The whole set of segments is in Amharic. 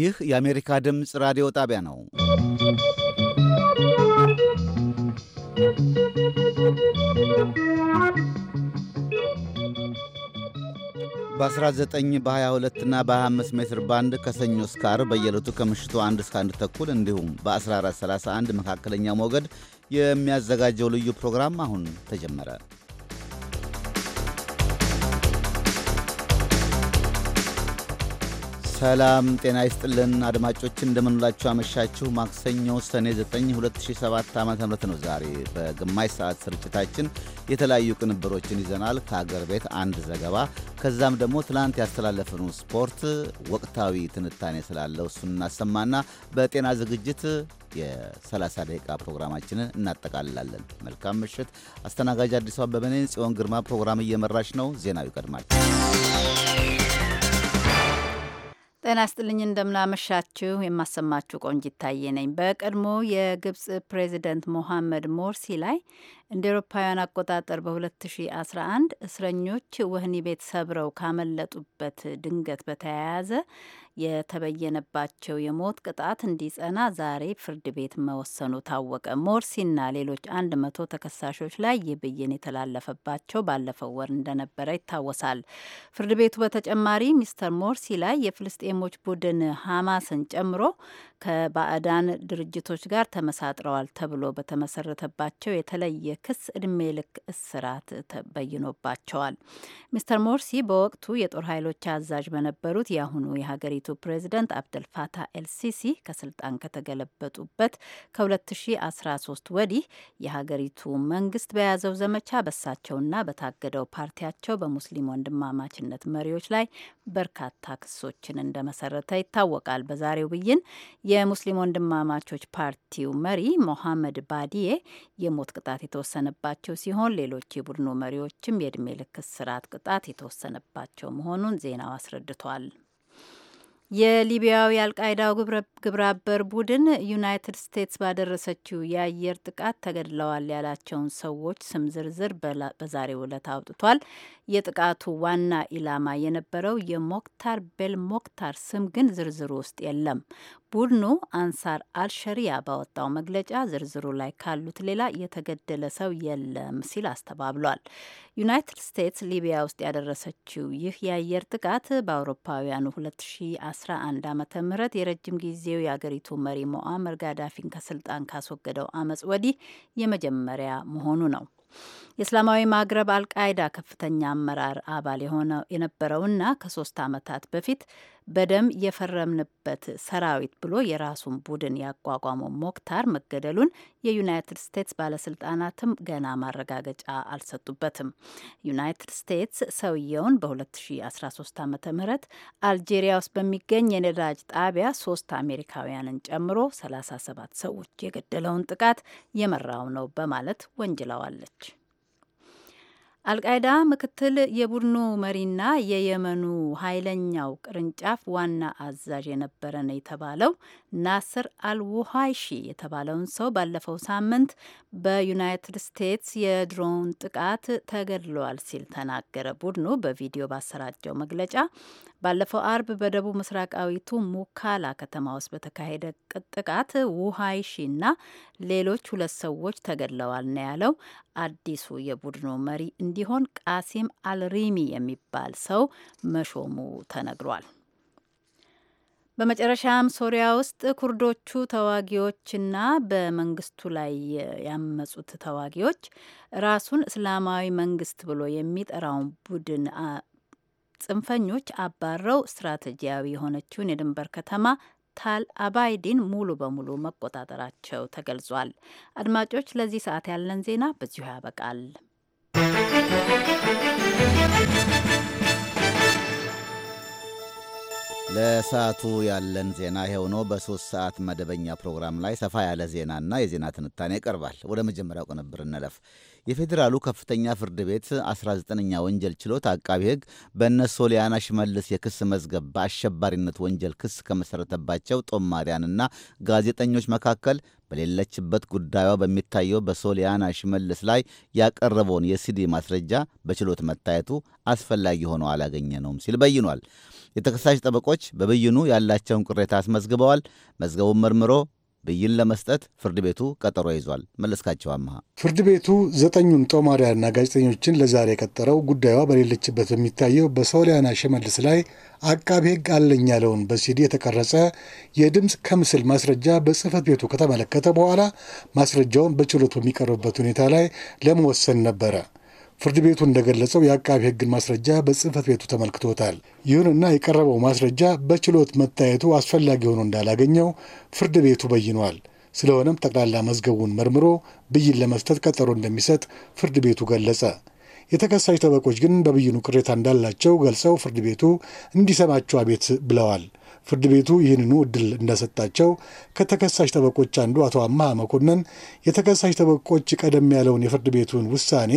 ይህ የአሜሪካ ድምፅ ራዲዮ ጣቢያ ነው። በ19 በ22 እና በ25 ሜትር ባንድ ከሰኞ እስከ ዓርብ በየዕለቱ ከምሽቱ አንድ እስከ አንድ ተኩል እንዲሁም በ1431 መካከለኛ ሞገድ የሚያዘጋጀው ልዩ ፕሮግራም አሁን ተጀመረ። ሰላም ጤና ይስጥልን አድማጮች፣ እንደምንላችሁ አመሻችሁ። ማክሰኞ ሰኔ 9 2007 ዓ ም ነው ዛሬ። በግማሽ ሰዓት ስርጭታችን የተለያዩ ቅንብሮችን ይዘናል። ከአገር ቤት አንድ ዘገባ፣ ከዛም ደግሞ ትናንት ያስተላለፍነው ስፖርት ወቅታዊ ትንታኔ ስላለው እሱን እናሰማና በጤና ዝግጅት የ30 ደቂቃ ፕሮግራማችንን እናጠቃልላለን። መልካም ምሽት። አስተናጋጅ አዲሱ አበበኔ ጽዮን ግርማ ፕሮግራም እየመራች ነው። ዜናው ይቀድማል። ጤና ስጥልኝ እንደምናመሻችሁ። የማሰማችሁ ቆንጅ ይታየ ነኝ። በቀድሞ የግብጽ ፕሬዚደንት ሞሐመድ ሞርሲ ላይ እንደ ኤሮፓውያን አቆጣጠር በ2011 እስረኞች ወህኒ ቤት ሰብረው ካመለጡበት ድንገት በተያያዘ የተበየነባቸው የሞት ቅጣት እንዲጸና ዛሬ ፍርድ ቤት መወሰኑ ታወቀ። ሞርሲና ሌሎች አንድ መቶ ተከሳሾች ላይ ይህ ብይን የተላለፈባቸው ባለፈው ወር እንደነበረ ይታወሳል። ፍርድ ቤቱ በተጨማሪ ሚስተር ሞርሲ ላይ የፍልስጤሞች ቡድን ሀማስን ጨምሮ ከባዕዳን ድርጅቶች ጋር ተመሳጥረዋል ተብሎ በተመሰረተባቸው የተለየ ክስ እድሜ ልክ እስራት ተበይኖባቸዋል። ሚስተር ሞርሲ በወቅቱ የጦር ኃይሎች አዛዥ በነበሩት የአሁኑ የሀገሪቱ ፕሬዚደንት አብደልፋታ ኤልሲሲ ከስልጣን ከተገለበጡበት ከ2013 ወዲህ የሀገሪቱ መንግስት በያዘው ዘመቻ በሳቸውና በታገደው ፓርቲያቸው በሙስሊም ወንድማማችነት መሪዎች ላይ በርካታ ክሶችን እንደመሰረተ ይታወቃል። በዛሬው ብይን የሙስሊም ወንድማማቾች ፓርቲው መሪ ሞሐመድ ባዲዬ የሞት ቅጣት የተወሰነባቸው ሲሆን ሌሎች የቡድኑ መሪዎችም የእድሜ ልክ እስራት ቅጣት የተወሰነባቸው መሆኑን ዜናው አስረድቷል። የሊቢያው የአልቃይዳው ግብረአበር ቡድን ዩናይትድ ስቴትስ ባደረሰችው የአየር ጥቃት ተገድለዋል ያላቸውን ሰዎች ስም ዝርዝር በዛሬው ዕለት አውጥቷል። የጥቃቱ ዋና ኢላማ የነበረው የሞክታር ቤል ሞክታር ስም ግን ዝርዝሩ ውስጥ የለም። ቡድኑ አንሳር አልሸሪያ ባወጣው መግለጫ ዝርዝሩ ላይ ካሉት ሌላ የተገደለ ሰው የለም ሲል አስተባብሏል። ዩናይትድ ስቴትስ ሊቢያ ውስጥ ያደረሰችው ይህ የአየር ጥቃት በአውሮፓውያኑ 2010 2011 ዓ ም የረጅም ጊዜው የአገሪቱ መሪ ሞአመር ጋዳፊን ከስልጣን ካስወገደው አመፅ ወዲህ የመጀመሪያ መሆኑ ነው። የእስላማዊ ማግረብ አልቃይዳ ከፍተኛ አመራር አባል የሆነ የነበረውና ከሶስት ዓመታት በፊት በደም የፈረምንበት ሰራዊት ብሎ የራሱን ቡድን ያቋቋመው ሞክታር መገደሉን የዩናይትድ ስቴትስ ባለስልጣናትም ገና ማረጋገጫ አልሰጡበትም። ዩናይትድ ስቴትስ ሰውየውን በ2013 ዓ ም አልጄሪያ ውስጥ በሚገኝ የነዳጅ ጣቢያ ሶስት አሜሪካውያንን ጨምሮ 37 ሰዎች የገደለውን ጥቃት የመራው ነው በማለት ወንጅለዋለች። አልቃይዳ ምክትል የቡድኑ መሪና የየመኑ ኃይለኛው ቅርንጫፍ ዋና አዛዥ የነበረ ነው የተባለው ናስር አልውሃይሺ የተባለውን ሰው ባለፈው ሳምንት በዩናይትድ ስቴትስ የድሮን ጥቃት ተገድሏል ሲል ተናገረ። ቡድኑ በቪዲዮ ባሰራጨው መግለጫ ባለፈው አርብ በደቡብ ምስራቃዊቱ ሙካላ ከተማ ውስጥ በተካሄደ ጥቃት ውሃይሺና ሌሎች ሁለት ሰዎች ተገድለዋል ነው ያለው። አዲሱ የቡድኑ መሪ እንዲሆን ቃሲም አልሪሚ የሚባል ሰው መሾሙ ተነግሯል። በመጨረሻም ሶሪያ ውስጥ ኩርዶቹ ተዋጊዎችና በመንግስቱ ላይ ያመጹት ተዋጊዎች ራሱን እስላማዊ መንግስት ብሎ የሚጠራውን ቡድን ጽንፈኞች አባረው ስትራቴጂያዊ የሆነችውን የድንበር ከተማ ታል አባይዲን ሙሉ በሙሉ መቆጣጠራቸው ተገልጿል። አድማጮች፣ ለዚህ ሰዓት ያለን ዜና በዚሁ ያበቃል። ለሰዓቱ ያለን ዜና ይኸው ነው። በሶስት ሰዓት መደበኛ ፕሮግራም ላይ ሰፋ ያለ ዜናና የዜና ትንታኔ ይቀርባል። ወደ መጀመሪያው ቅንብር እንለፍ። የፌዴራሉ ከፍተኛ ፍርድ ቤት 19ኛ ወንጀል ችሎት አቃቢ ሕግ በእነ ሶሊያና ሽመልስ የክስ መዝገብ በአሸባሪነት ወንጀል ክስ ከመሠረተባቸው ጦማሪያንና ጋዜጠኞች መካከል በሌለችበት ጉዳዩ በሚታየው በሶሊያና ሽመልስ ላይ ያቀረበውን የሲዲ ማስረጃ በችሎት መታየቱ አስፈላጊ ሆኖ አላገኘ ነውም ሲል በይኗል። የተከሳሽ ጠበቆች በብይኑ ያላቸውን ቅሬታ አስመዝግበዋል። መዝገቡን መርምሮ ብይን ለመስጠት ፍርድ ቤቱ ቀጠሮ ይዟል። መለስካቸው አመሃ። ፍርድ ቤቱ ዘጠኙን ጦማሪያና ጋዜጠኞችን ለዛሬ የቀጠረው ጉዳዩ በሌለችበት በሚታየው በሶሊያና ሽመልስ ላይ አቃቢ ሕግ አለኝ ያለውን በሲዲ የተቀረጸ የድምፅ ከምስል ማስረጃ በጽህፈት ቤቱ ከተመለከተ በኋላ ማስረጃውን በችሎት በሚቀርብበት ሁኔታ ላይ ለመወሰን ነበረ። ፍርድ ቤቱ እንደገለጸው የአቃቢ ሕግን ማስረጃ በጽህፈት ቤቱ ተመልክቶታል። ይሁንና የቀረበው ማስረጃ በችሎት መታየቱ አስፈላጊ ሆኖ እንዳላገኘው ፍርድ ቤቱ በይኗል። ስለሆነም ጠቅላላ መዝገቡን መርምሮ ብይን ለመስጠት ቀጠሮ እንደሚሰጥ ፍርድ ቤቱ ገለጸ። የተከሳሽ ጠበቆች ግን በብይኑ ቅሬታ እንዳላቸው ገልጸው ፍርድ ቤቱ እንዲሰማቸው አቤት ብለዋል። ፍርድ ቤቱ ይህንኑ እድል እንደሰጣቸው ከተከሳሽ ጠበቆች አንዱ አቶ አምሃ መኮንን የተከሳሽ ጠበቆች ቀደም ያለውን የፍርድ ቤቱን ውሳኔ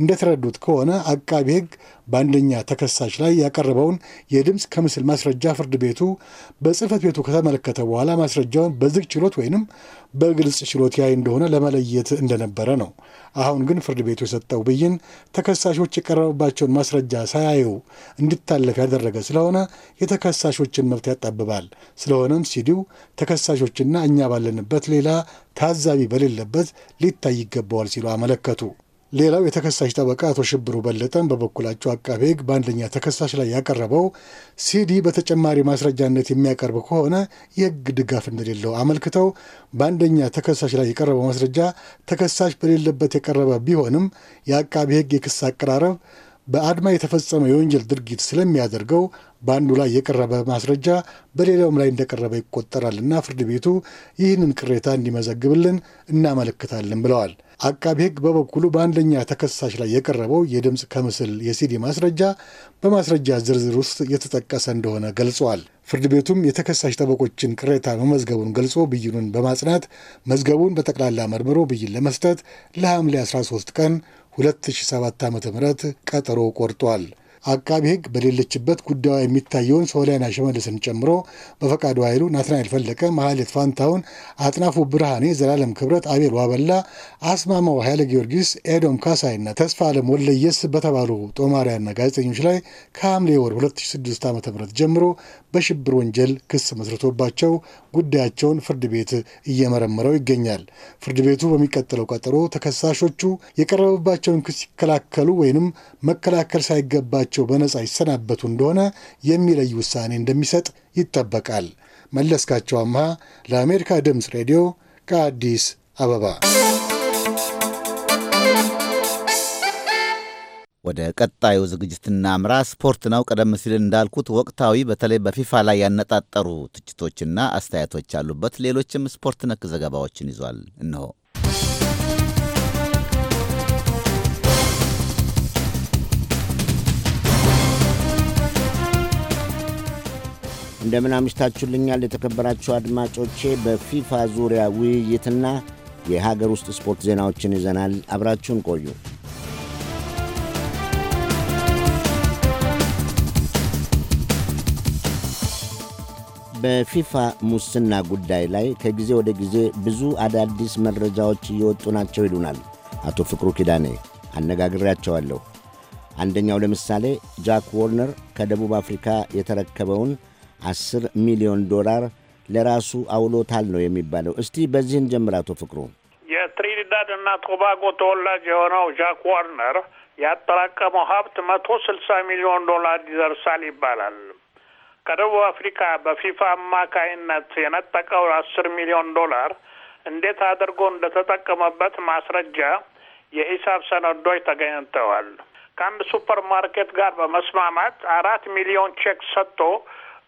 እንደተረዱት ከሆነ አቃቢ ሕግ በአንደኛ ተከሳሽ ላይ ያቀረበውን የድምፅ ከምስል ማስረጃ ፍርድ ቤቱ በጽህፈት ቤቱ ከተመለከተ በኋላ ማስረጃውን በዝግ ችሎት ወይንም በግልጽ ችሎት ያይ እንደሆነ ለመለየት እንደነበረ ነው። አሁን ግን ፍርድ ቤቱ የሰጠው ብይን ተከሳሾች የቀረበባቸውን ማስረጃ ሳያዩ እንዲታለፍ ያደረገ ስለሆነ የተከሳሾችን መብት ያጠብባል። ስለሆነም ሲዲው ተከሳሾችና እኛ ባለንበት ሌላ ታዛቢ በሌለበት ሊታይ ይገባዋል ሲሉ አመለከቱ። ሌላው የተከሳሽ ጠበቃ አቶ ሽብሩ በለጠም በበኩላቸው አቃቤ ሕግ በአንደኛ ተከሳሽ ላይ ያቀረበው ሲዲ በተጨማሪ ማስረጃነት የሚያቀርብ ከሆነ የሕግ ድጋፍ እንደሌለው አመልክተው በአንደኛ ተከሳሽ ላይ የቀረበው ማስረጃ ተከሳሽ በሌለበት የቀረበ ቢሆንም የአቃቤ ሕግ የክስ አቀራረብ በአድማ የተፈጸመ የወንጀል ድርጊት ስለሚያደርገው በአንዱ ላይ የቀረበ ማስረጃ በሌላውም ላይ እንደቀረበ ይቆጠራልና ፍርድ ቤቱ ይህንን ቅሬታ እንዲመዘግብልን እናመለክታለን ብለዋል። አቃቢ ሕግ በበኩሉ በአንደኛ ተከሳሽ ላይ የቀረበው የድምፅ ከምስል የሲዲ ማስረጃ በማስረጃ ዝርዝር ውስጥ የተጠቀሰ እንደሆነ ገልጿል። ፍርድ ቤቱም የተከሳሽ ጠበቆችን ቅሬታ መመዝገቡን ገልጾ ብይኑን በማጽናት መዝገቡን በጠቅላላ መርምሮ ብይን ለመስጠት ለሐምሌ 13 ቀን 2007 ዓ ም ቀጠሮ ቆርጧል። አቃቢ ሕግ በሌለችበት ጉዳዩ የሚታየውን ሶሊያና ሽመልስን ጨምሮ በፈቃዱ ኃይሉ፣ ናትናኤል ፈለቀ፣ መሐሌት ፋንታውን፣ አጥናፉ ብርሃኔ፣ ዘላለም ክብረት፣ አቤል ዋበላ፣ አስማማው ኃይለ ጊዮርጊስ፣ ኤዶም ካሳይና ተስፋ አለም ወለየስ በተባሉ ጦማሪያና ጋዜጠኞች ላይ ከሐምሌ ወር 2006 ዓ ም ጀምሮ በሽብር ወንጀል ክስ መስርቶባቸው ጉዳያቸውን ፍርድ ቤት እየመረመረው ይገኛል። ፍርድ ቤቱ በሚቀጥለው ቀጠሮ ተከሳሾቹ የቀረበባቸውን ክስ ይከላከሉ ወይንም መከላከል ሳይገባቸው በነጻ ይሰናበቱ እንደሆነ የሚለይ ውሳኔ እንደሚሰጥ ይጠበቃል። መለስካቸው አምሃ ለአሜሪካ ድምፅ ሬዲዮ ከአዲስ አበባ ወደ ቀጣዩ ዝግጅትና አምራ ስፖርት ነው። ቀደም ሲል እንዳልኩት ወቅታዊ በተለይ በፊፋ ላይ ያነጣጠሩ ትችቶችና አስተያየቶች ያሉበት ሌሎችም ስፖርት ነክ ዘገባዎችን ይዟል። እነሆ እንደምን አምሽታችሁልኛል የተከበራችሁ አድማጮቼ። በፊፋ ዙሪያ ውይይትና የሀገር ውስጥ ስፖርት ዜናዎችን ይዘናል። አብራችሁን ቆዩ። በፊፋ ሙስና ጉዳይ ላይ ከጊዜ ወደ ጊዜ ብዙ አዳዲስ መረጃዎች እየወጡ ናቸው ይሉናል አቶ ፍቅሩ ኪዳኔ። አነጋግሬያቸዋለሁ። አንደኛው ለምሳሌ ጃክ ዎርነር ከደቡብ አፍሪካ የተረከበውን 10 ሚሊዮን ዶላር ለራሱ አውሎታል ነው የሚባለው። እስቲ በዚህን ጀምር አቶ ፍቅሩ። የትሪኒዳድ እና ቶባጎ ተወላጅ የሆነው ጃክ ዎርነር ያጠራቀመው ሀብት መቶ ስልሳ ሚሊዮን ዶላር ይደርሳል ይባላል። ከደቡብ አፍሪካ በፊፋ አማካይነት የነጠቀው አስር ሚሊዮን ዶላር እንዴት አድርጎ እንደተጠቀመበት ማስረጃ የሂሳብ ሰነዶች ተገኝተዋል። ከአንድ ሱፐር ማርኬት ጋር በመስማማት አራት ሚሊዮን ቼክ ሰጥቶ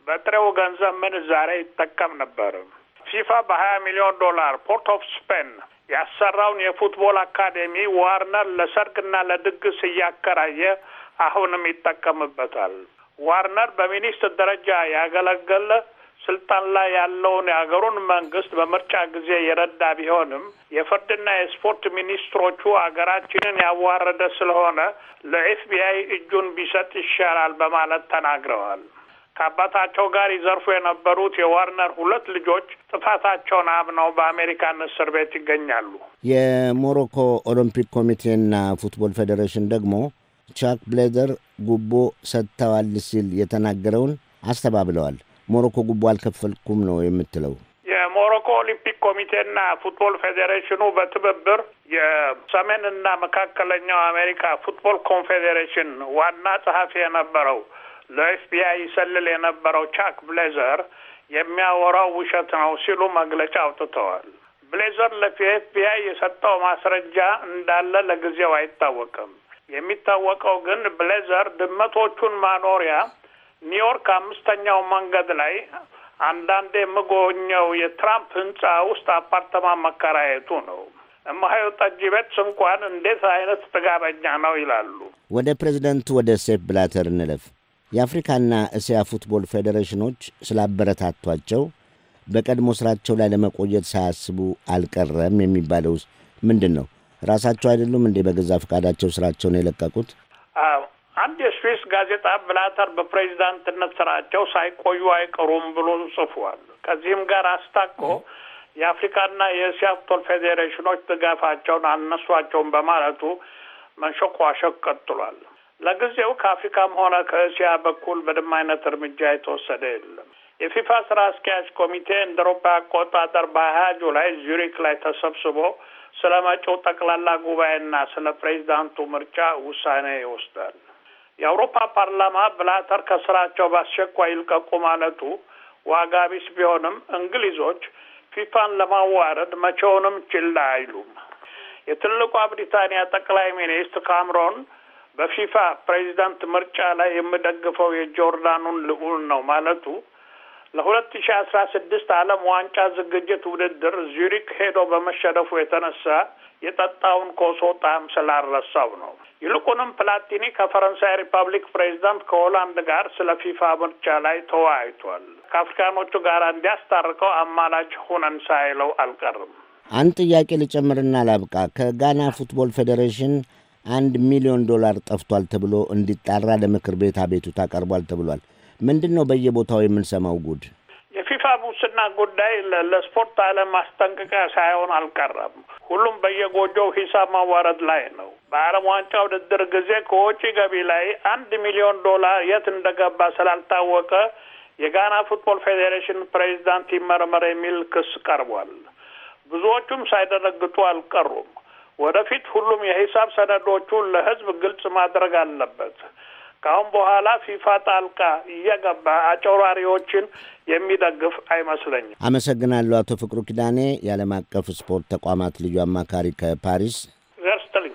በጥሬው ገንዘብ ምንዛሬ ይጠቀም ነበር። ፊፋ በሀያ ሚሊዮን ዶላር ፖርት ኦፍ ስፔን ያሰራውን የፉትቦል አካዴሚ ዋርነር ለሰርግና ለድግስ እያከራየ አሁንም ይጠቀምበታል። ዋርነር በሚኒስትር ደረጃ ያገለገለ ስልጣን ላይ ያለውን የሀገሩን መንግስት በምርጫ ጊዜ የረዳ ቢሆንም የፍርድና የስፖርት ሚኒስትሮቹ ሀገራችንን ያዋረደ ስለሆነ ለኤፍቢአይ እጁን ቢሰጥ ይሻላል በማለት ተናግረዋል። ከአባታቸው ጋር ይዘርፉ የነበሩት የዋርነር ሁለት ልጆች ጥፋታቸውን አምነው በአሜሪካን እስር ቤት ይገኛሉ። የሞሮኮ ኦሎምፒክ ኮሚቴና ፉትቦል ፌዴሬሽን ደግሞ ቻክ ብሌዘር ጉቦ ሰጥተዋል ሲል የተናገረውን አስተባብለዋል። ሞሮኮ ጉቦ አልከፈልኩም ነው የምትለው። የሞሮኮ ኦሊምፒክ ኮሚቴና ፉትቦል ፌዴሬሽኑ በትብብር የሰሜንና መካከለኛው አሜሪካ ፉትቦል ኮንፌዴሬሽን ዋና ጸሐፊ የነበረው ለኤፍቢአይ ይሰልል የነበረው ቻክ ብሌዘር የሚያወራው ውሸት ነው ሲሉ መግለጫ አውጥተዋል። ብሌዘር ለኤፍቢአይ የሰጠው ማስረጃ እንዳለ ለጊዜው አይታወቅም። የሚታወቀው ግን ብሌዘር ድመቶቹን ማኖሪያ ኒውዮርክ አምስተኛው መንገድ ላይ አንዳንዴ የምጎኘው የትራምፕ ህንጻ ውስጥ አፓርተማ መከራየቱ ነው። እማሀዩ ጠጅ ቤት እንኳን እንዴት አይነት ጥጋበኛ ነው ይላሉ። ወደ ፕሬዚደንቱ ወደ ሴፕ ብላተር እንለፍ። የአፍሪካና እስያ ፉትቦል ፌዴሬሽኖች ስላበረታቷቸው በቀድሞ ስራቸው ላይ ለመቆየት ሳያስቡ አልቀረም የሚባለው ምንድን ነው? ራሳቸው አይደሉም እንዴ በገዛ ፈቃዳቸው ስራቸውን የለቀቁት? አንድ የስዊስ ጋዜጣ ብላተር በፕሬዚዳንትነት ስራቸው ሳይቆዩ አይቀሩም ብሎ ጽፏል። ከዚህም ጋር አስታቆ የአፍሪካና የእስያ ፉትቦል ፌዴሬሽኖች ድጋፋቸውን አነሷቸውን በማለቱ መንሸኳሸቅ ቀጥሏል። ለጊዜው ከአፍሪካም ሆነ ከእስያ በኩል ምንም አይነት እርምጃ የተወሰደ የለም። የፊፋ ስራ አስኪያጅ ኮሚቴ እንደ አውሮፓ አቆጣጠር በሀያ ጁላይ ዙሪክ ላይ ተሰብስቦ ስለ መጪው ጠቅላላ ጉባኤና ስለ ፕሬዚዳንቱ ምርጫ ውሳኔ ይወስዳል። የአውሮፓ ፓርላማ ብላተር ከስራቸው በአስቸኳይ ይልቀቁ ማለቱ ዋጋ ቢስ ቢሆንም እንግሊዞች ፊፋን ለማዋረድ መቼውንም ችላ አይሉም። የትልቋ ብሪታንያ ጠቅላይ ሚኒስትር ካምሮን በፊፋ ፕሬዚዳንት ምርጫ ላይ የምደግፈው የጆርዳኑን ልዑል ነው ማለቱ ለሁለት ሺ አስራ ስድስት ዓለም ዋንጫ ዝግጅት ውድድር ዙሪክ ሄዶ በመሸነፉ የተነሳ የጠጣውን ኮሶ ጣዕም ስላልረሳው ነው። ይልቁንም ፕላቲኒ ከፈረንሳይ ሪፐብሊክ ፕሬዚዳንት ከሆላንድ ጋር ስለ ፊፋ ምርጫ ላይ ተወያይቷል። ከአፍሪካኖቹ ጋር እንዲያስታርቀው አማላጭ ሁነን ሳይለው አልቀርም። አንድ ጥያቄ ልጨምርና ላብቃ። ከጋና ፉትቦል ፌዴሬሽን አንድ ሚሊዮን ዶላር ጠፍቷል ተብሎ እንዲጣራ ለምክር ቤት አቤቱታ ቀርቧል ተብሏል። ምንድን ነው በየቦታው የምንሰማው ጉድ? የፊፋ ሙስና ጉዳይ ለስፖርት ዓለም ማስጠንቀቂያ ሳይሆን አልቀረም። ሁሉም በየጎጆው ሂሳብ ማዋረድ ላይ ነው። በዓለም ዋንጫ ውድድር ጊዜ ከወጪ ገቢ ላይ አንድ ሚሊዮን ዶላር የት እንደገባ ስላልታወቀ የጋና ፉትቦል ፌዴሬሽን ፕሬዚዳንት ይመርመር የሚል ክስ ቀርቧል። ብዙዎቹም ሳይደነግጡ አልቀሩም። ወደፊት ሁሉም የሂሳብ ሰነዶቹን ለሕዝብ ግልጽ ማድረግ አለበት። ከአሁን በኋላ ፊፋ ጣልቃ እየገባ አጨራሪዎችን የሚደግፍ አይመስለኝም። አመሰግናለሁ። አቶ ፍቅሩ ኪዳኔ የዓለም አቀፍ ስፖርት ተቋማት ልዩ አማካሪ ከፓሪስ ዘርስትልኝ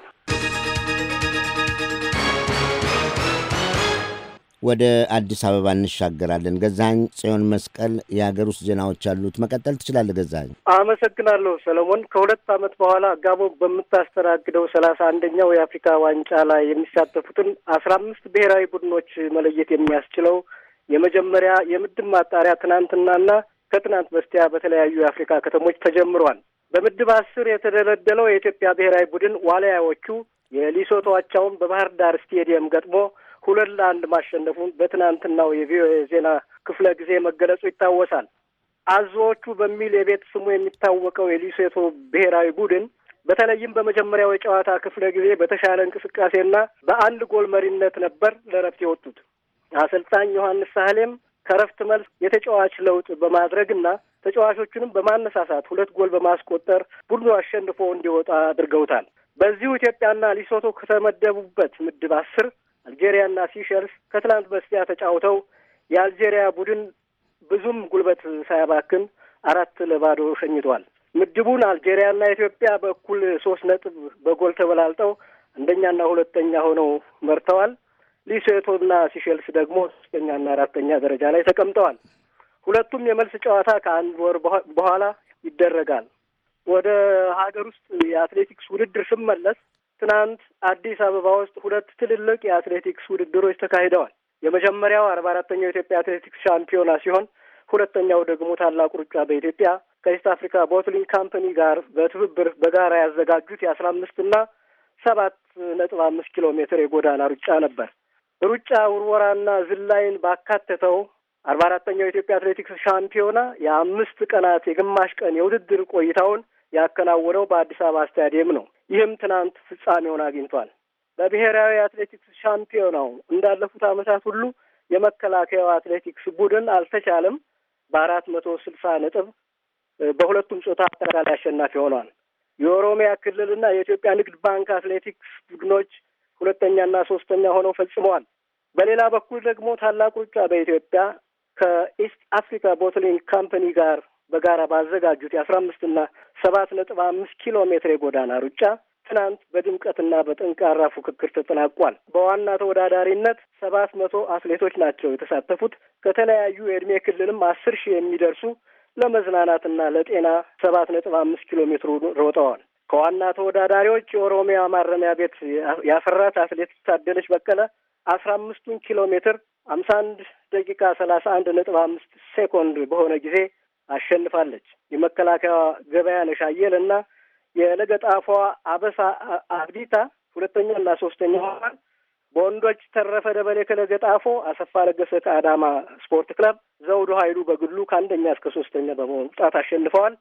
ወደ አዲስ አበባ እንሻገራለን። ገዛኝ ጽዮን መስቀል የሀገር ውስጥ ዜናዎች ያሉት መቀጠል ትችላለህ። ገዛኝ። አመሰግናለሁ ሰለሞን። ከሁለት ዓመት በኋላ ጋቦ በምታስተናግደው ሰላሳ አንደኛው የአፍሪካ ዋንጫ ላይ የሚሳተፉትን አስራ አምስት ብሔራዊ ቡድኖች መለየት የሚያስችለው የመጀመሪያ የምድብ ማጣሪያ ትናንትናና ከትናንት በስቲያ በተለያዩ የአፍሪካ ከተሞች ተጀምሯል። በምድብ አስር የተደለደለው የኢትዮጵያ ብሔራዊ ቡድን ዋልያዎቹ የሊሶቶ አቻውን በባህር ዳር ስቴዲየም ገጥሞ ሁለት ለአንድ ማሸነፉን በትናንትናው የቪኦኤ ዜና ክፍለ ጊዜ መገለጹ ይታወሳል። አዞዎቹ በሚል የቤት ስሙ የሚታወቀው የሊሴቶ ብሔራዊ ቡድን በተለይም በመጀመሪያው የጨዋታ ክፍለ ጊዜ በተሻለ እንቅስቃሴና በአንድ ጎል መሪነት ነበር ለረፍት የወጡት። አሰልጣኝ ዮሐንስ ሳህሌም ከረፍት መልስ የተጫዋች ለውጥ በማድረግና ተጫዋቾቹንም በማነሳሳት ሁለት ጎል በማስቆጠር ቡድኑ አሸንፎ እንዲወጣ አድርገውታል። በዚሁ ኢትዮጵያና ሊሶቶ ከተመደቡበት ምድብ አስር አልጄሪያና ሲሸልስ ከትላንት በስቲያ ተጫውተው የአልጄሪያ ቡድን ብዙም ጉልበት ሳያባክን አራት ለባዶ ሸኝቷል። ምድቡን አልጄሪያና ኢትዮጵያ በኩል ሶስት ነጥብ በጎል ተበላልጠው አንደኛና ሁለተኛ ሆነው መርተዋል። ሊሴቶና ሲሸልስ ደግሞ ሶስተኛና አራተኛ ደረጃ ላይ ተቀምጠዋል። ሁለቱም የመልስ ጨዋታ ከአንድ ወር በኋላ ይደረጋል። ወደ ሀገር ውስጥ የአትሌቲክስ ውድድር ስመለስ ትናንት አዲስ አበባ ውስጥ ሁለት ትልልቅ የአትሌቲክስ ውድድሮች ተካሂደዋል። የመጀመሪያው አርባ አራተኛው የኢትዮጵያ አትሌቲክስ ሻምፒዮና ሲሆን ሁለተኛው ደግሞ ታላቁ ሩጫ በኢትዮጵያ ከኢስት አፍሪካ ቦትሊንግ ካምፓኒ ጋር በትብብር በጋራ ያዘጋጁት የአስራ አምስት እና ሰባት ነጥብ አምስት ኪሎ ሜትር የጎዳና ሩጫ ነበር። ሩጫ ውርወራና ዝላይን ባካተተው አርባ አራተኛው የኢትዮጵያ አትሌቲክስ ሻምፒዮና የአምስት ቀናት የግማሽ ቀን የውድድር ቆይታውን ያከናወነው በአዲስ አበባ ስታዲየም ነው። ይህም ትናንት ፍጻሜውን አግኝቷል። በብሔራዊ አትሌቲክስ ሻምፒዮናው እንዳለፉት ዓመታት ሁሉ የመከላከያው አትሌቲክስ ቡድን አልተቻለም። በአራት መቶ ስልሳ ነጥብ በሁለቱም ጾታ አጠቃላይ አሸናፊ ሆኗል። የኦሮሚያ ክልልና የኢትዮጵያ ንግድ ባንክ አትሌቲክስ ቡድኖች ሁለተኛና ሶስተኛ ሆነው ፈጽመዋል። በሌላ በኩል ደግሞ ታላቅ ሩጫ በኢትዮጵያ ከኢስት አፍሪካ ቦትሊንግ ካምፓኒ ጋር በጋራ ባዘጋጁት የአስራ አምስትና ሰባት ነጥብ አምስት ኪሎ ሜትር የጎዳና ሩጫ ትናንት በድምቀትና በጠንካራ ፉክክር ተጠናቋል። በዋና ተወዳዳሪነት ሰባት መቶ አትሌቶች ናቸው የተሳተፉት። ከተለያዩ የእድሜ ክልልም አስር ሺህ የሚደርሱ ለመዝናናትና ለጤና ሰባት ነጥብ አምስት ኪሎ ሜትሩ ሮጠዋል። ከዋና ተወዳዳሪዎች የኦሮሚያ ማረሚያ ቤት ያፈራት አትሌት ታደለች በቀለ አስራ አምስቱን ኪሎ ሜትር አምሳ አንድ ደቂቃ ሰላሳ አንድ ነጥብ አምስት ሴኮንድ በሆነ ጊዜ አሸንፋለች። የመከላከያ ገበያ አየለ እና የለገጣፏ አበሳ አብዲታ ሁለተኛና ሶስተኛ ሆኗል። በወንዶች ተረፈ ደበሌ ከለገጣፎ፣ አሰፋ ለገሰ ከአዳማ ስፖርት ክለብ፣ ዘውዱ ኃይሉ በግሉ ከአንደኛ እስከ ሶስተኛ በመውጣት አሸንፈዋል።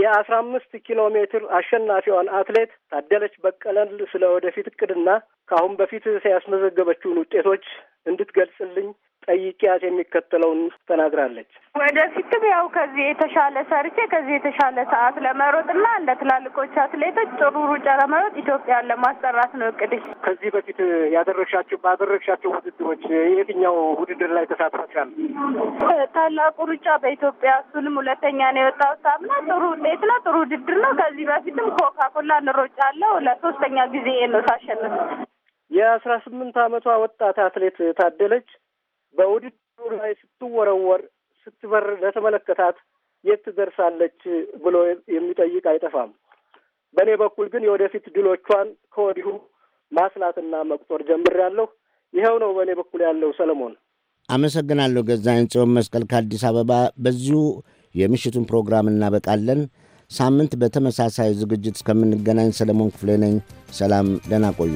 የአስራ አምስት ኪሎ ሜትር አሸናፊዋን አትሌት ታደለች በቀለን ስለ ወደፊት እቅድና ከአሁን በፊት ያስመዘገበችውን ውጤቶች እንድትገልጽልኝ ጠይቂያት የሚከተለውን ተናግራለች። ወደፊትም ያው ከዚህ የተሻለ ሰርቼ ከዚህ የተሻለ ሰዓት ለመሮጥና እንደ ትላልቆች አትሌቶች ጥሩ ሩጫ ለመሮጥ ኢትዮጵያን ለማስጠራት ነው እቅድሽ። ከዚህ በፊት ያደረግሻቸው ባደረግሻቸው ውድድሮች የትኛው ውድድር ላይ ተሳትፈሻል? ታላቁ ሩጫ በኢትዮጵያ እሱንም ሁለተኛ ነው የወጣው ሳምና ጥሩ ውጤት ነው። ጥሩ ውድድር ነው። ከዚህ በፊትም ኮካኮላ እንሮጫለው ለሶስተኛ ጊዜ ነው ሳሸንፍ የአስራ ስምንት ዓመቷ ወጣት አትሌት ታደለች በውድድሩ ላይ ስትወረወር ስትበር ለተመለከታት የት ትደርሳለች ብሎ የሚጠይቅ አይጠፋም። በእኔ በኩል ግን የወደፊት ድሎቿን ከወዲሁ ማስላትና መቁጠር ጀምሬያለሁ። ይኸው ነው በእኔ በኩል ያለው። ሰለሞን አመሰግናለሁ። ገዛኸኝ ጽዮን መስቀል ከአዲስ አበባ። በዚሁ የምሽቱን ፕሮግራም እናበቃለን። ሳምንት በተመሳሳይ ዝግጅት እስከምንገናኝ ሰለሞን ክፍሌ ነኝ። ሰላም፣ ደህና ቆዩ።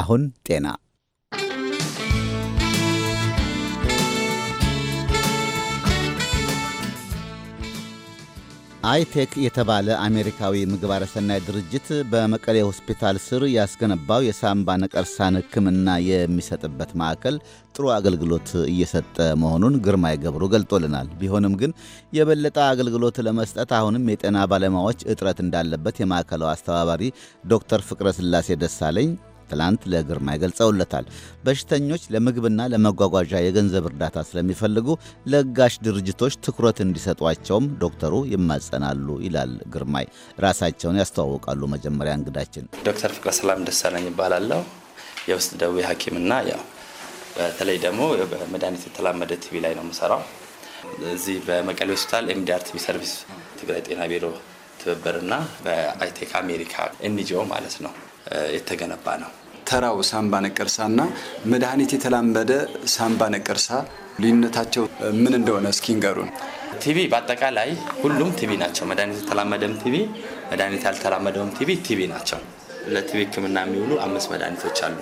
አሁን ጤና አይቴክ የተባለ አሜሪካዊ ምግብ አረሰናይ ድርጅት በመቀሌ ሆስፒታል ስር ያስገነባው የሳምባ ነቀርሳን ሕክምና የሚሰጥበት ማዕከል ጥሩ አገልግሎት እየሰጠ መሆኑን ግርማይ ገብሩ ገልጦልናል። ቢሆንም ግን የበለጠ አገልግሎት ለመስጠት አሁንም የጤና ባለሙያዎች እጥረት እንዳለበት የማዕከላው አስተባባሪ ዶክተር ፍቅረ ስላሴ ደሳለኝ ትላንት ለግርማይ ገልጸውለታል። በሽተኞች ለምግብና ለመጓጓዣ የገንዘብ እርዳታ ስለሚፈልጉ ለጋሽ ድርጅቶች ትኩረት እንዲሰጧቸውም ዶክተሩ ይማጸናሉ ይላል ግርማይ። ራሳቸውን ያስተዋውቃሉ። መጀመሪያ እንግዳችን ዶክተር ፍቅረ ሰላም ደሳለኝ ይባላለሁ። የውስጥ ደዌ ሐኪምና ያው በተለይ ደግሞ በመድኃኒት የተላመደ ቲቪ ላይ ነው የምሰራው። እዚህ በመቀሌ ሆስፒታል ኤምዲአር ቲቪ ሰርቪስ ትግራይ ጤና ቢሮ ትብብርና በአይቴክ አሜሪካ ኤንጂኦ ማለት ነው የተገነባ ነው። ተራው ሳምባ ነቀርሳና መድኃኒት የተላመደ ሳምባ ነቀርሳ ልዩነታቸው ምን እንደሆነ እስኪ ንገሩን። ቲቪ በአጠቃላይ ሁሉም ቲቪ ናቸው። መድኃኒት የተላመደም ቲቪ፣ መድኃኒት ያልተላመደውም ቲቪ ቲቪ ናቸው። ለቲቪ ሕክምና የሚውሉ አምስት መድኃኒቶች አሉ።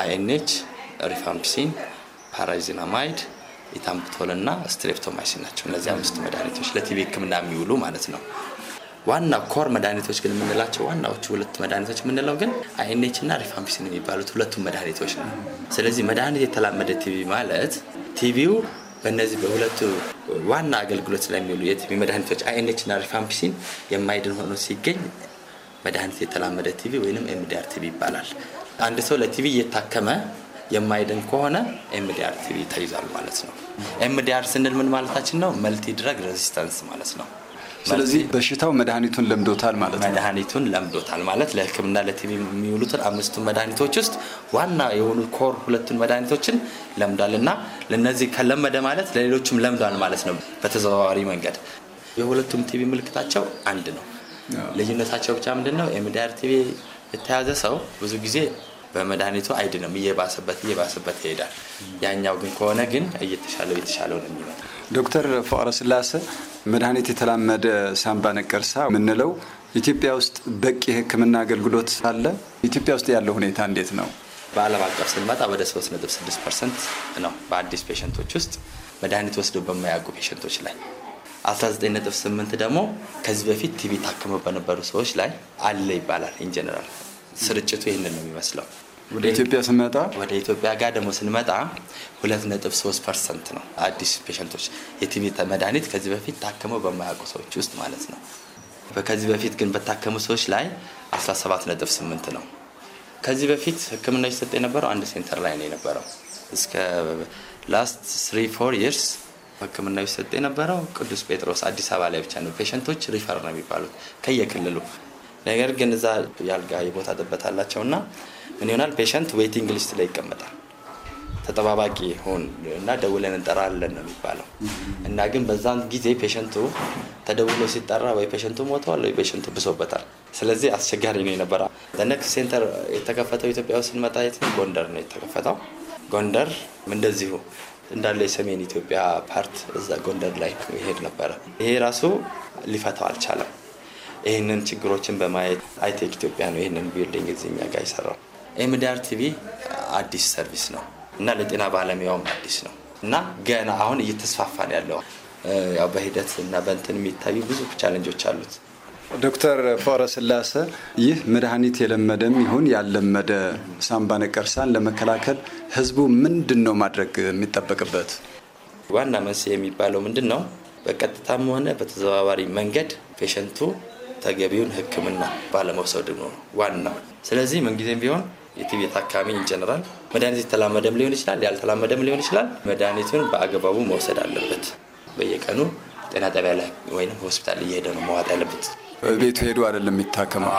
አይኤንኤች፣ ሪፋምፕሲን፣ ፓራዚናማይድ፣ ኢታምፕቶል እና ስትሬፕቶማይሲን ናቸው። እነዚህ አምስት መድኃኒቶች ለቲቪ ህክምና የሚውሉ ማለት ነው። ዋና ኮር መድኃኒቶች ግን የምንላቸው ዋናዎቹ ሁለቱ መድኃኒቶች የምንለው ግን አይኔች እና ሪፋምፒሲን የሚባሉት ሁለቱም መድኃኒቶች ነው። ስለዚህ መድኃኒት የተላመደ ቲቪ ማለት ቲቪው በእነዚህ በሁለቱ ዋና አገልግሎት ላይ የሚውሉ የቲቪ መድኃኒቶች አይኔች እና ሪፋምፒሲን የማይድን ሆኖ ሲገኝ መድኃኒት የተላመደ ቲቪ ወይም ኤምዲአር ቲቪ ይባላል። አንድ ሰው ለቲቪ እየታከመ የማይድን ከሆነ ኤምዲአር ቲቪ ተይዟል ማለት ነው። ኤምዲአር ስንል ምን ማለታችን ነው? መልቲ ድረግ ሬዚስተንስ ማለት ነው። ስለዚህ በሽታው መድኃኒቱን ለምዶታል ማለት ነው። መድኃኒቱን ለምዶታል ማለት ለሕክምና ለቲቪ የሚውሉትን አምስቱን መድኃኒቶች ውስጥ ዋና የሆኑ ኮር ሁለቱን መድኃኒቶችን ለምዷል እና ለነዚህ ከለመደ ማለት ለሌሎችም ለምዷል ማለት ነው። በተዘዋዋሪ መንገድ የሁለቱም ቲቪ ምልክታቸው አንድ ነው። ልዩነታቸው ብቻ ምንድን ነው? ኤምዲአር ቲቪ የተያዘ ሰው ብዙ ጊዜ በመድኃኒቱ አይድንም፣ እየባሰበት እየባሰበት ይሄዳል። ያኛው ግን ከሆነ ግን እየተሻለው እየተሻለው ነው የሚመጣ ዶክተር ፍቅረ ስላሴ መድኃኒት የተላመደ ሳምባ ነቀርሳ የምንለው ኢትዮጵያ ውስጥ በቂ የሕክምና አገልግሎት አለ? ኢትዮጵያ ውስጥ ያለው ሁኔታ እንዴት ነው? በዓለም አቀፍ ስንመጣ ወደ 3.6 ፐርሰንት ነው በአዲስ ፔሸንቶች ውስጥ መድኃኒት ወስደው በማያውቁ ፔሸንቶች ላይ 19.8 ደግሞ ከዚህ በፊት ቲቪ ታክመው በነበሩ ሰዎች ላይ አለ ይባላል። ኢንጀነራል ስርጭቱ ይህንን ነው የሚመስለው። ወደ ኢትዮጵያ ስንመጣ ወደ ኢትዮጵያ ጋር ደግሞ ስንመጣ ሁለት ነጥብ ሶስት ፐርሰንት ነው አዲስ ፔሸንቶች የቲቪ መድኃኒት ከዚህ በፊት ታክመው በማያውቁ ሰዎች ውስጥ ማለት ነው። ከዚህ በፊት ግን በታከሙ ሰዎች ላይ 17 ነጥብ 8 ነው። ከዚህ በፊት ሕክምና ይሰጥ የነበረው አንድ ሴንተር ላይ ነው የነበረው። እስከ ላስት ስሪ ፎር ይርስ ሕክምና ይሰጥ የነበረው ቅዱስ ጴጥሮስ አዲስ አበባ ላይ ብቻ ነው። ፔሸንቶች ሪፈር ነው የሚባሉት ከየክልሉ። ነገር ግን እዛ ያልጋ የቦታ ጥበት አላቸውና ምን ይሆናል? ፔሸንት ዌይቲንግ ሊስት ላይ ይቀመጣል። ተጠባባቂ ሆን እና ደውለን እንጠራለን ነው የሚባለው። እና ግን በዛን ጊዜ ፔሸንቱ ተደውሎ ሲጠራ ወይ ፔሸንቱ ሞተዋል ወይ ፔሸንቱ ብሶበታል። ስለዚህ አስቸጋሪ ነው የነበረ። ኔክስት ሴንተር የተከፈተው ኢትዮጵያ ውስጥ ስንመጣ የት ነው? ጎንደር ነው የተከፈተው። ጎንደር እንደዚሁ እንዳለ የሰሜን ኢትዮጵያ ፓርት እዛ ጎንደር ላይ ይሄድ ነበረ። ይሄ ራሱ ሊፈታው አልቻለም። ይህንን ችግሮችን በማየት አይቴክ ኢትዮጵያ ነው ይህንን ቢልዲንግ እዚህ እኛ ጋር ይሰራው ኤምዳር ቲቪ አዲስ ሰርቪስ ነው እና ለጤና ባለሙያውም አዲስ ነው እና ገና አሁን እየተስፋፋ ነው ያለው። ያው በሂደት እና በእንትን የሚታዩ ብዙ ቻለንጆች አሉት። ዶክተር ፎረ ስላሰ ይህ መድኃኒት የለመደም ይሁን ያለመደ ሳምባ ነቀርሳን ለመከላከል ህዝቡ ምንድን ነው ማድረግ የሚጠበቅበት? ዋና መንስኤ የሚባለው ምንድን ነው? በቀጥታም ሆነ በተዘዋዋሪ መንገድ ፔሸንቱ ተገቢውን ሕክምና ባለመውሰድ ነው ዋናው። ስለዚህ ምንጊዜም ቢሆን የቲቢ ታካሚ ኢንጀነራል መድኃኒት የተላመደም ሊሆን ይችላል፣ ያልተላመደም ሊሆን ይችላል። መድኃኒቱን በአግባቡ መውሰድ አለበት። በየቀኑ ጤና ጣቢያ ላይ ወይም ሆስፒታል እየሄደ ነው መዋጥ ያለበት። ቤቱ ሄዶ አይደለም የሚታከመው፣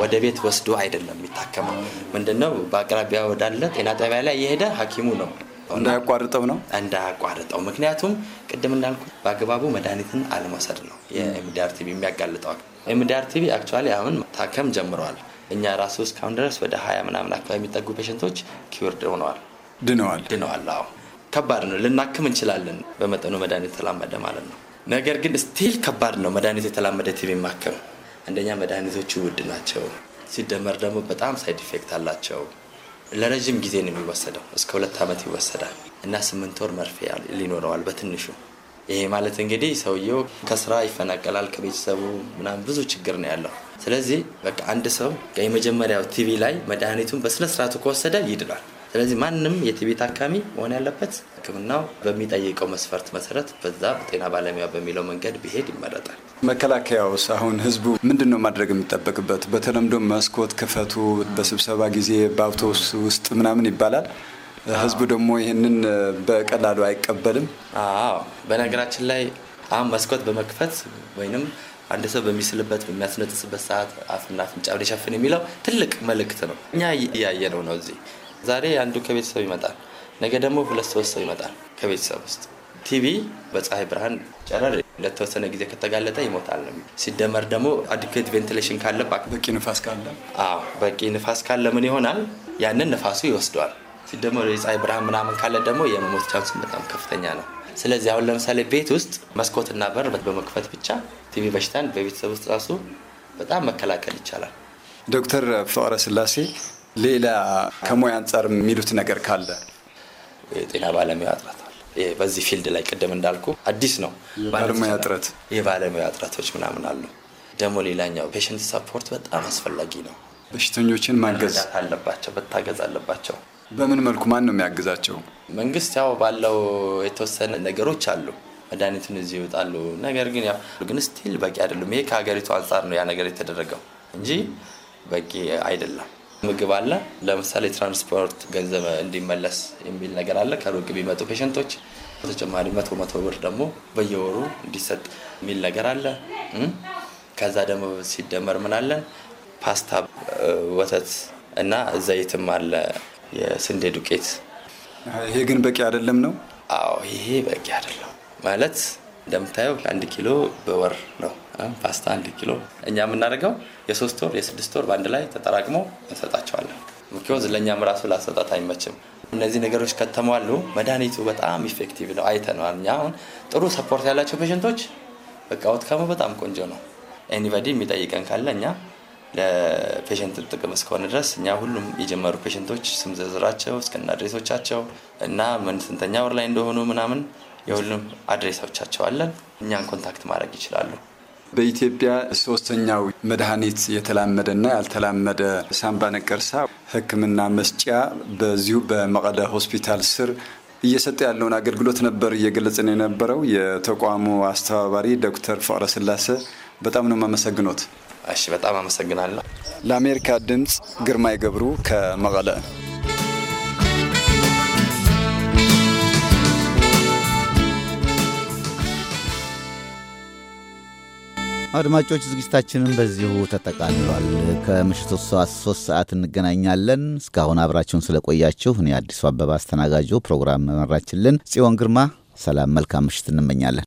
ወደ ቤት ወስዶ አይደለም የሚታከመው። ምንድነው በአቅራቢያ ወዳለ ጤና ጣቢያ ላይ እየሄደ ሐኪሙ ነው እንዳያቋርጠው ነው እንዳያቋርጠው። ምክንያቱም ቅድም እንዳልኩ በአግባቡ መድኃኒትን አለመውሰድ ነው የኤምዲአር ቲቪ የሚያጋልጠው። ኤምዲአር ቲቪ አክቹዋሊ አሁን ታከም ጀምረዋል። እኛ ራሱ እስካሁን ድረስ ወደ ሀያ ምናምን አካባቢ የሚጠጉ ፔሽንቶች ኪውርድ ሆነዋል፣ ድነዋል። ድነዋል። አዎ ከባድ ነው። ልናክም እንችላለን፣ በመጠኑ መድኃኒት የተላመደ ማለት ነው። ነገር ግን ስቲል ከባድ ነው መድኃኒት የተላመደ ቲቪ ማከም። አንደኛ መድኃኒቶቹ ውድ ናቸው፣ ሲደመር ደግሞ በጣም ሳይድ ኢፌክት አላቸው። ለረዥም ጊዜ ነው የሚወሰደው፣ እስከ ሁለት ዓመት ይወሰዳል እና ስምንት ወር መርፌ ሊኖረዋል በትንሹ ይሄ ማለት እንግዲህ ሰውየው ከስራ ይፈናቀላል፣ ከቤተሰቡ ምናምን ብዙ ችግር ነው ያለው። ስለዚህ በቃ አንድ ሰው የመጀመሪያው ቲቪ ላይ መድኃኒቱን በስነስርዓቱ ከወሰደ ይድናል። ስለዚህ ማንም የቲቪ ታካሚ መሆን ያለበት ሕክምናው በሚጠይቀው መስፈርት መሰረት በዛ በጤና ባለሙያ በሚለው መንገድ ቢሄድ ይመረጣል። መከላከያውስ አሁን ህዝቡ ምንድን ነው ማድረግ የሚጠበቅበት? በተለምዶ መስኮት ክፈቱ፣ በስብሰባ ጊዜ በአውቶቡስ ውስጥ ምናምን ይባላል። ህዝቡ ደግሞ ይህንን በቀላሉ አይቀበልም። አዎ በነገራችን ላይ አሁን መስኮት በመክፈት ወይንም አንድ ሰው በሚስልበት በሚያስነጥስበት ሰዓት አፍና አፍንጫ ሊሸፍን የሚለው ትልቅ መልእክት ነው። እኛ እያየ ነው ነው እዚህ ዛሬ አንዱ ከቤተሰብ ይመጣል፣ ነገ ደግሞ ሁለት ሶስት ሰው ይመጣል ከቤተሰብ ውስጥ ቲቪ በፀሐይ ብርሃን ጨረር ለተወሰነ ጊዜ ከተጋለጠ ይሞታል ነው። ሲደመር ደግሞ አዲኩዌት ቬንቲሌሽን ካለ በቂ ንፋስ ካለ በቂ ንፋስ ካለ ምን ይሆናል? ያንን ንፋሱ ይወስደዋል። ደግሞ የፀሐይ ብርሃን ምናምን ካለ ደግሞ የመሞት ቻንሱ በጣም ከፍተኛ ነው። ስለዚህ አሁን ለምሳሌ ቤት ውስጥ መስኮትና በር በመክፈት ብቻ ቲቪ በሽታን በቤተሰብ ውስጥ ራሱ በጣም መከላከል ይቻላል። ዶክተር ፍቅረ ስላሴ ሌላ ከሙያ አንጻር የሚሉት ነገር ካለ የጤና ባለሙያ እጥረት አለ። በዚህ ፊልድ ላይ ቅድም እንዳልኩ አዲስ ነው። ባለሙያ እጥረት የባለሙያ እጥረቶች ምናምን አሉ። ደግሞ ሌላኛው ፔሽንት ሰፖርት በጣም አስፈላጊ ነው። በሽተኞችን ማገዝ አለባቸው፣ መታገዝ አለባቸው። በምን መልኩ ማን ነው የሚያግዛቸው? መንግስት ያው ባለው የተወሰነ ነገሮች አሉ መድኃኒቱን እዚህ ይወጣሉ። ነገር ግን ያው ግን ስቲል በቂ አይደሉም። ይሄ ከሀገሪቱ አንጻር ነው ያ ነገር የተደረገው እንጂ በቂ አይደለም። ምግብ አለ። ለምሳሌ ትራንስፖርት ገንዘብ እንዲመለስ የሚል ነገር አለ። ከሩቅ የሚመጡ ፔሽንቶች በተጨማሪ መቶ መቶ ብር ደግሞ በየወሩ እንዲሰጥ የሚል ነገር አለ። ከዛ ደግሞ ሲደመር ምናለን ፓስታ፣ ወተት እና ዘይትም አለ የስንዴ ዱቄት። ይሄ ግን በቂ አይደለም ነው? አዎ ይሄ በቂ አይደለም ማለት እንደምታየው አንድ ኪሎ በወር ነው። ፓስታ አንድ ኪሎ እኛ የምናደርገው የሶስት ወር የስድስት ወር በአንድ ላይ ተጠራቅሞ እንሰጣቸዋለን። ምክንያቱ ለእኛም ራሱ ላሰጣት አይመችም። እነዚህ ነገሮች ከተሟሉ መድኃኒቱ በጣም ኢፌክቲቭ ነው፣ አይተነዋል። እኛ አሁን ጥሩ ሰፖርት ያላቸው ፔሽንቶች በቃ ወትካሙ በጣም ቆንጆ ነው። ኤኒባዲ የሚጠይቀን ካለ እኛ ለፔሽንት ጥቅም እስከሆነ ድረስ እኛ ሁሉም የጀመሩ ፔሸንቶች ስም ዝርዝራቸው እስከና አድሬሶቻቸው እና ምን ስንተኛ ወር ላይ እንደሆኑ ምናምን የሁሉም አድሬሶቻቸው አለን። እኛን ኮንታክት ማድረግ ይችላሉ። በኢትዮጵያ ሶስተኛው መድኃኒት የተላመደና ያልተላመደ ሳምባ ነቀርሳ ሕክምና መስጫ በዚሁ በመቀለ ሆስፒታል ስር እየሰጠ ያለውን አገልግሎት ነበር እየገለጽን የነበረው የተቋሙ አስተባባሪ ዶክተር ፍቅረ ስላሴ በጣም ነው የማመሰግኖት። እሺ፣ በጣም አመሰግናለሁ። ለአሜሪካ ድምፅ ግርማይ ገብሩ ከመቀለ። አድማጮች ዝግጅታችንን በዚሁ ተጠቃልሏል። ከምሽቱ ሶስት ሰዓት እንገናኛለን። እስካሁን አብራችሁን ስለቆያችሁ እኔ አዲሱ አበባ አስተናጋጁ ፕሮግራም መመራችልን ጽዮን ግርማ፣ ሰላም መልካም ምሽት እንመኛለን።